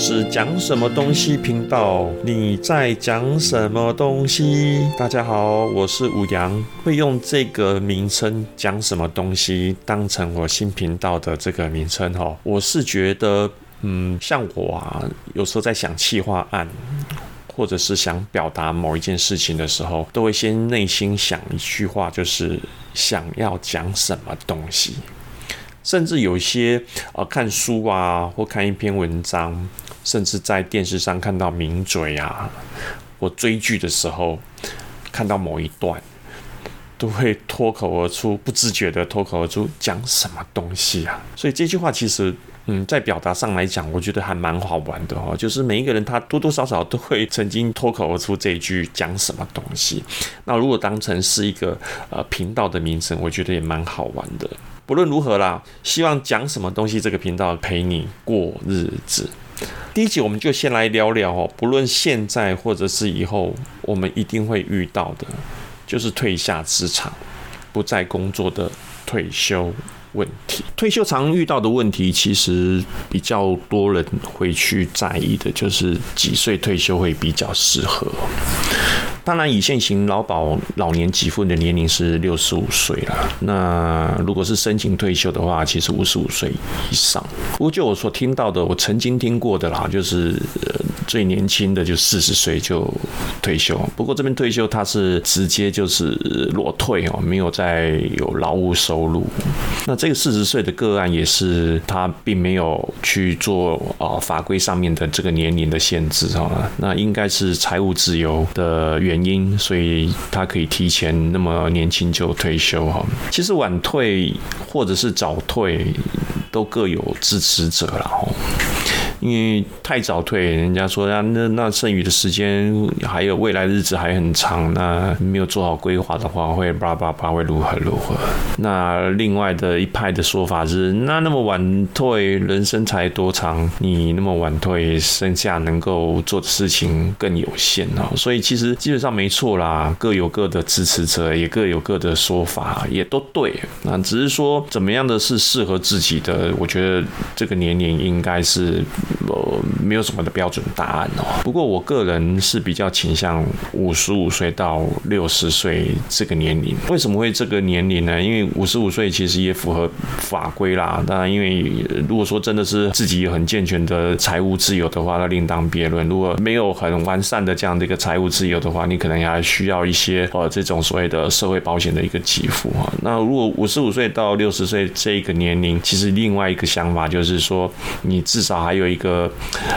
是講什麼東西頻道？你在講什麼東西？大家好，我是五羊，會用這個名稱講什麼東西，當成我新頻道的這個名稱哦。我是覺得，嗯，像我啊，有時候在想企劃案，或者是想表達某一件事情的時候，都會先內心想一句話，就是想要講什麼東西。甚至有些啊、呃，看書啊，或看一篇文章，甚至在電視上看到名嘴啊，或追劇的時候看到某一段，都會脫口而出，不自覺的脫口而出講什麼東西啊。所以這句話其實，嗯，在表達上來講，我覺得還蠻好玩的哦。就是每一個人他多多少少都會曾經脫口而出這一句講什麼東西。那如果當成是一個呃頻道的名稱，我覺得也蠻好玩的。不論如何啦，希望講什麼東西這個頻道陪你過日子。第一集我們就先來聊聊哦，不論現在或者是以後，我們一定會遇到的，就是退下職場、不再工作的退休問題。退休常遇到的問題，其實比較多人會去在意的，就是幾歲退休會比較適合。當然，以現行勞保老年給付的年齡是六十五歲啦。那如果是申請退休的話，其實五十五歲以上。不過就我所聽到的，我曾經聽過的啦，就是。呃最年輕的就四十歲就退休，不過這邊退休他是直接就是裸退哦，沒有再有勞務收入。那這個四十歲的個案也是他並沒有去做啊法規上面的這個年齡的限制哈，那應該是財務自由的原因，所以他可以提前那麼年輕就退休哈。其實晚退或者是早退都各有支持者然後，因為太早退，人家說呀、啊，那那剩餘的時間還有未來日子還很長，那沒有做好規劃的話，會叭叭叭會如何如何？那另外的一派的說法是，那那麼晚退，人生才多長？你那麼晚退，剩下能夠做的事情更有限哦。所以其實基本上沒錯啦，各有各的支持者，也各有各的說法，也都對。那只是說怎麼樣的是適合自己的，我覺得這個年齡應該是。呃，沒有什麼的標準答案哦。不過我個人是比較傾向五十五歲到六十歲這個年齡。為什麼會這個年齡呢？因為五十五歲其實也符合法規啦。當然，因為如果說真的是自己有很健全的財務自由的話，那另當別論。如果沒有很完善的這樣的一個財務自由的話，你可能還需要一些呃這種所謂的社會保險的一個給付啊。那如果五十五歲到六十歲這個年齡，其實另外一個想法就是說，你至少還有一個。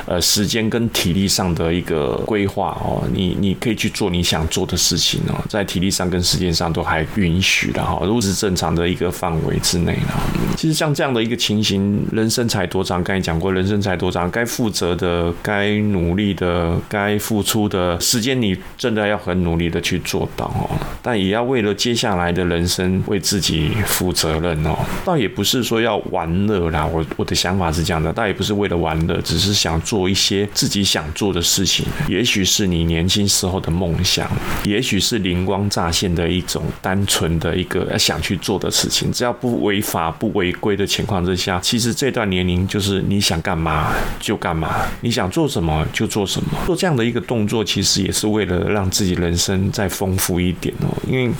呃，時間跟體力上的一個規劃哦，你你可以去做你想做的事情哦，在體力上跟時間上都還允許的哈、哦，如果是正常的一個範圍之內呢。其實像這樣的一個情形，人生才多長？剛才講過，人生才多長？該負責的、該努力的、該付出的時間，你真的要很努力的去做到哦。但也要為了接下來的人生，為自己負責任哦。倒也不是說要玩樂啦，我我的想法是這樣的，倒也不是為了玩樂。只是想做一些自己想做的事情，也許是你年輕時候的夢想，也許是靈光乍現的一種單純的一個想去做的事情。只要不違法不違規的情況之下，其實這段年齡就是你想幹嘛就幹嘛，你想做什麼就做什麼。做這樣的一個動作，其實也是為了讓自己人生再豐富一點哦，因為。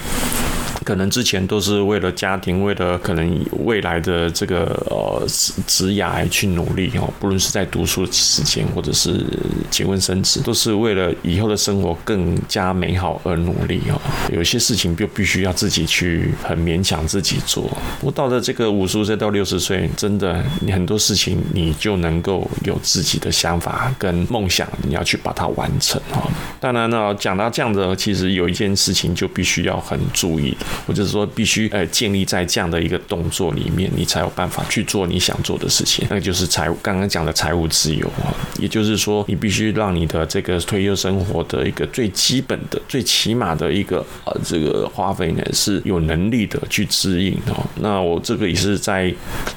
可能之前都是為了家庭，為了可能未來的這個呃職涯而去努力哦，不論是在讀書的時間或者是結婚生子，都是為了以後的生活更加美好而努力哦。有些事情就必須要自己去很勉強自己做。我到了這個五十歲到六十歲，真的你很多事情你就能夠有自己的想法跟夢想，你要去把它完成哦。當然呢，講到這樣的，其實有一件事情就必須要很注意。或者說必須呃建立在這樣的一個動作裡面，你才有辦法去做你想做的事情。那個就是財務，剛剛講的財務自由啊，也就是說你必須讓你的這個退休生活的一個最基本的、最起碼的一個呃這個花費呢是有能力的去支應哦。那我這個也是在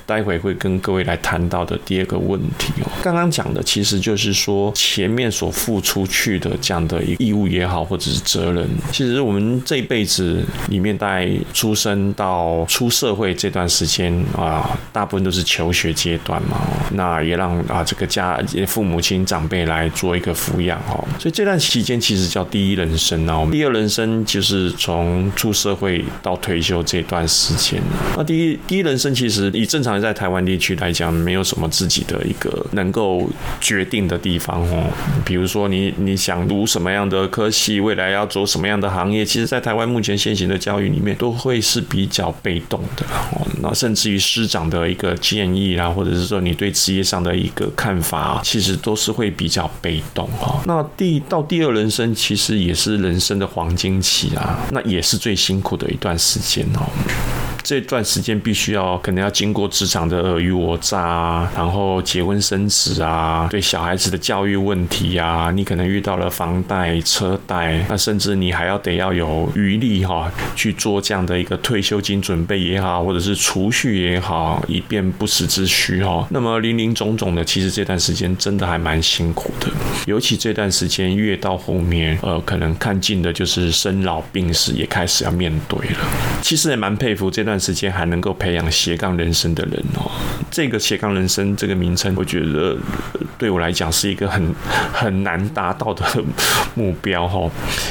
待會會跟各位來談到的第二個問題哦。剛剛講的其實就是說前面所付出去的這樣的一個義務也好，或者是責任，其實我們這一輩子裡面。在出生到出社會這段時間啊，大部分都是求學階段嘛，那也讓啊這個家父母親長輩來做一個撫養哦，所以這段期間其實叫第一人生哦。第二人生就是從出社會到退休這段時間。那第一第一人生其實以正常在台灣地區來講，沒有什麼自己的一個能夠決定的地方哦。比如說你你想讀什麼樣的科系，未來要做什麼樣的行業，其實在台灣目前現行的教育。裡面都會是比較被動的哦，那甚至於師長的一個建議啊，或者是說你對職業上的一個看法，其實都是會比較被動哦。那第到第二人生其實也是人生的黃金期啊，那也是最辛苦的一段時間哦。這段時間必須要可能要經過職場的爾虞我詐、啊，然後結婚生子啊，對小孩子的教育問題啊，你可能遇到了房貸、車貸，那甚至你還要得要有餘力哈、哦、去做這樣的一個退休金準備也好，或者是儲蓄也好，以便不時之需哈、哦。那麼林林總總的，其實這段時間真的還蠻辛苦的，尤其這段時間越到後面，呃，可能看盡的就是生老病死也開始要面對了。其實也蠻佩服這段。段時間還能夠培養斜槓人生的人哦，這個斜槓人生這個名稱，我覺得對我來講是一個很很難達到的目標。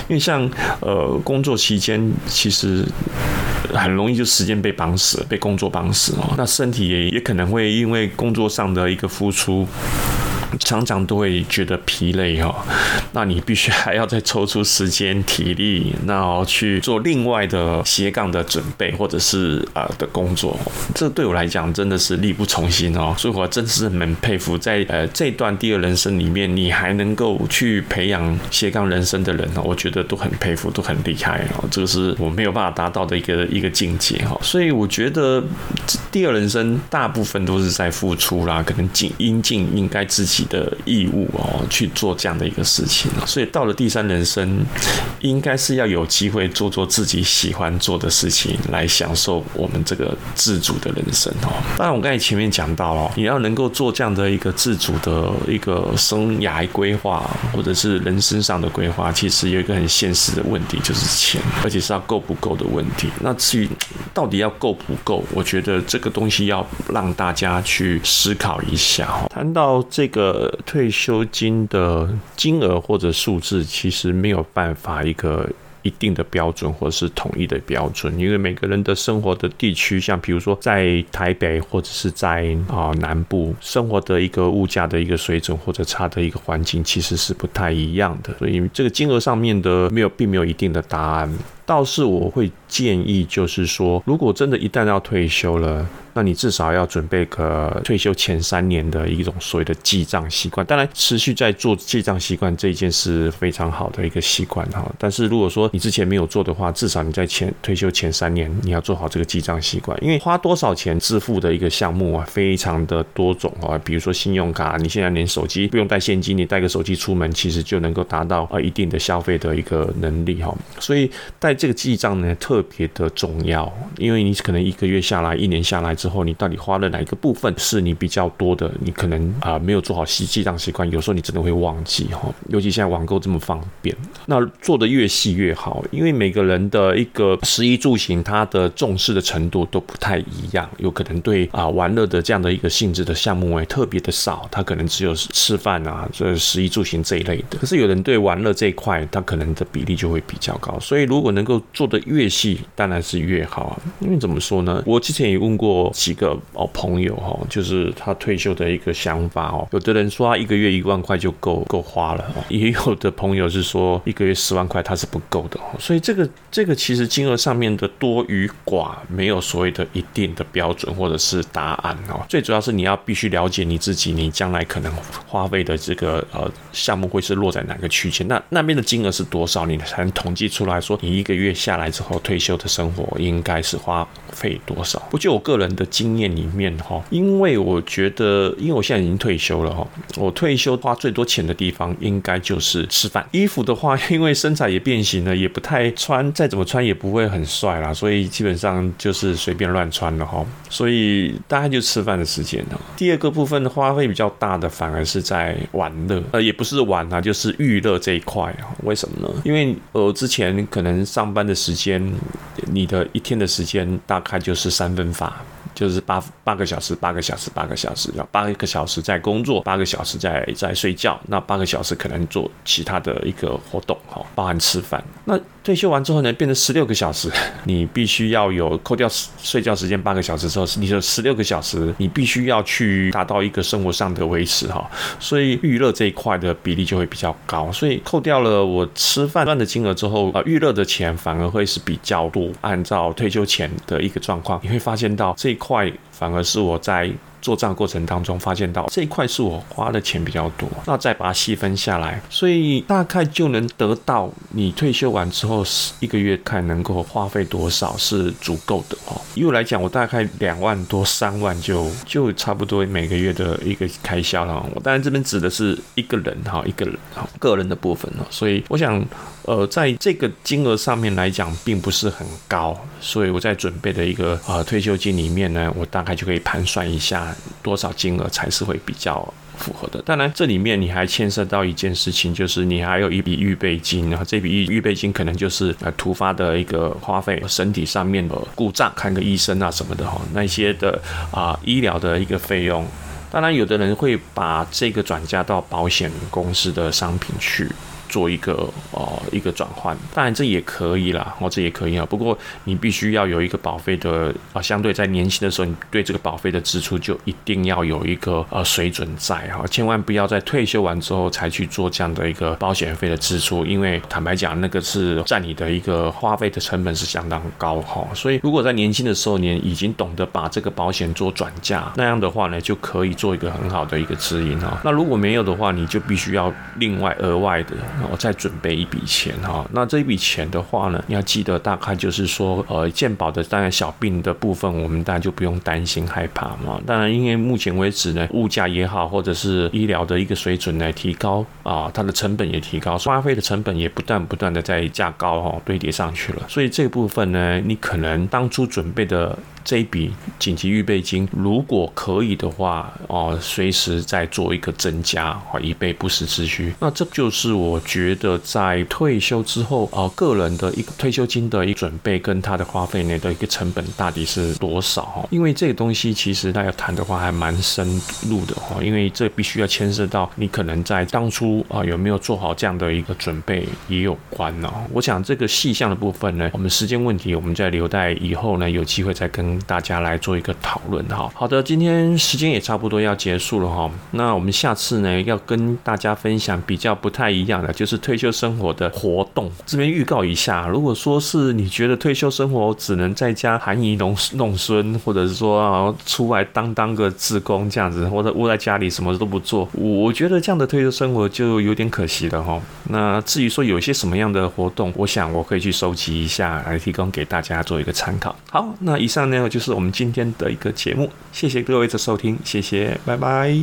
因為像呃工作期間，其實很容易就時間被綁死，被工作綁死哦。那身體也也可能會因為工作上的一個付出。常常都會覺得疲累哦，那你必須還要再抽出時間、體力，那去做另外的斜槓的準備，或者是啊、呃、的工作。這對我來講真的是力不從心哦，所以我真的是很佩服，在呃這段第二人生裡面，你還能夠去培養斜槓人生的人哦，我覺得都很佩服，都很厲害哦。這個是我沒有辦法達到的一個一個境界哈、哦，所以我覺得第二人生大部分都是在付出啦，可能盡應盡應該自己，的義務哦，去做這樣的一個事情，所以到了第三人生，應該是要有機會做做自己喜歡做的事情，來享受我們這個自主的人生哦。當然，我剛才前面講到了哦，你要能夠做這樣的一個自主的一個生涯規劃，或者是人生上的規劃，其實有一個很現實的問題，就是錢，而且是要夠不夠的問題。那至於到底要夠不夠，我覺得這個東西要讓大家去思考一下哦。談到這個。呃，退休金的金額或者數字，其實沒有辦法一個一定的標準或是統一的標準，因為每個人的生活的地區，像比如說在台北或者是在啊南部生活的一個物價的一個水準或者差的一個環境，其實是不太一樣的，所以這個金額上面的沒有並沒有一定的答案。倒是我會建議，就是說，如果真的一旦要退休了，那你至少要準備個退休前三年的一種所謂的記賬習慣。當然，持續在做記賬習慣這一件是非常好的一個習慣哈。但是如果說你之前沒有做的話，至少你在前退休前三年，你要做好這個記賬習慣，因為花多少錢支付的一個項目啊，非常的多種啊。比如說信用卡，你現在連手機不用帶現金，你帶個手機出門，其實就能夠達到呃一定的消費的一個能力哈。所以帶這個記賬呢，特別的重要，因為你可能一個月下來、一年下來之後，你到底花了哪一個部分是你比較多的？你可能啊、呃、沒有做好習記賬習慣，有時候你真的會忘記哈。尤其現在網購這麼方便，那做得越細越好。因為每個人的一個食衣住行，他的重視的程度都不太一樣，有可能對啊、呃、玩樂的這樣的一個性質的項目，也特別的少，他可能只有吃飯啊這食衣住行這一類的。可是有人對玩樂這一塊，他可能的比例就會比較高，所以如果能。能夠做得越細當然是越好，因為怎麼說呢？我之前也問過幾個哦朋友哦，就是他退休的一個想法哦。有的人說他一個月一萬塊就夠夠花了，也有的朋友是說一個月十萬塊他是不夠的。所以這個這個其實金額上面的多與寡沒有所謂的一定的標準或者是答案哦。最主要是你要必須了解你自己，你將來可能花費的這個呃項目會是落在哪個區間，那那邊的金額是多少，你才能統計出來說你一個。月下來之後，退休的生活應該是花費多少？不就我個人的經驗裡面哈，因為我覺得，因為我現在已經退休了哈，我退休花最多錢的地方應該就是吃飯。衣服的話，因為身材也變形了，也不太穿，再怎麼穿也不會很帥啦，所以基本上就是隨便亂穿了哈。所以大概就吃飯的時間了。第二個部分花費比較大的，反而是在玩樂，呃，也不是玩啊，就是娛樂這一塊啊？為什麼呢？因為我，呃，之前可能上上班的時間，你的一天的時間大概就是三分法。就是八八個小時，八個小時，八個小時，然後八個小時在工作，八個小時在在睡覺，那八個小時可能做其他的一個活動，哈，包含吃飯。那退休完之後呢，變成十六個小時，你必須要有扣掉睡覺時間八個小時之後，你就十六個小時，你必須要去達到一個生活上的維持，哈。所以娛樂這一塊的比例就會比較高，所以扣掉了我吃飯賺的金額之後，啊，娛樂的錢反而會是比較多。按照退休前的一個狀況，你會發現到這一塊。快，反而是我在，做賬過程當中發現到這一塊是我花的錢比較多，那再把它細分下來，所以大概就能得到你退休完之後一個月看能夠花費多少是足夠的哦。以我來講，我大概兩萬多三萬就就差不多每個月的一個開銷了。我當然這邊指的是一個人哈，一個人，個人的部分了。所以我想，呃，在這個金額上面來講，並不是很高。所以我在準備的一個呃退休金裡面呢，我大概就可以盤算一下。多少金額才是會比較符合的？當然，這裡面你還牽涉到一件事情，就是你還有一筆預備金啊，這筆預預備金可能就是呃突發的一個花費，身體上面的故障，看個醫生啊什麼的哈、哦，那些的啊醫療的一個費用。當然，有的人會把這個轉嫁到保險公司的商品去。做一個哦一個轉換，當然這也可以啦，哦這也可以啊。不過你必須要有一個保費的啊、哦，相對在年輕的時候，你對這個保費的支出就一定要有一個呃水準在啊、哦，千萬不要在退休完之後才去做這樣的一個保險費的支出，因為坦白講，那個是占你的一個花費的成本是相當高哈、哦。所以如果在年輕的時候你已經懂得把這個保險做轉嫁，那樣的話呢，就可以做一個很好的一個指引哈。那如果沒有的話，你就必須要另外額外的。我再準備一筆錢哈、哦，那這一筆錢的話呢，要記得大概就是說，呃，健保的當然小病的部分，我們大家就不用擔心害怕嘛。當然，因為目前為止呢，物價也好，或者是醫療的一個水準來提高啊，它的成本也提高，花費的成本也不斷不斷的在價高哈、哦、堆疊上去了。所以這個部分呢，你可能當初準備的這一筆緊急預備金，如果可以的話哦，隨時再做一個增加啊，以備不時之需。那這就是我。覺得在退休之後，啊、呃，個人的一個退休金的一個準備跟他的花費呢的一個成本到底是多少？因為這個東西其實大家談的話還蠻深入的，因為這必須要牽涉到你可能在當初啊、呃，有沒有做好這樣的一個準備也有關哦。我想這個細項的部分呢，我們時間問題，我們再留待以後呢有機會再跟大家來做一個討論哈。好的，今天時間也差不多要結束了哈，那我們下次呢要跟大家分享比較不太一樣的就。就是退休生活的活動，這邊預告一下。如果說是你覺得退休生活只能在家含飴弄弄孫，或者是說出外當當個志工這樣子，或者窩在家裡什麼都不做，我覺得這樣的退休生活就有點可惜了齁。那至於說有些什麼樣的活動，我想我可以去收集一下，來提供給大家做一個參考。好，那以上呢就是我們今天的一個節目，謝謝各位的收聽，謝謝，拜拜。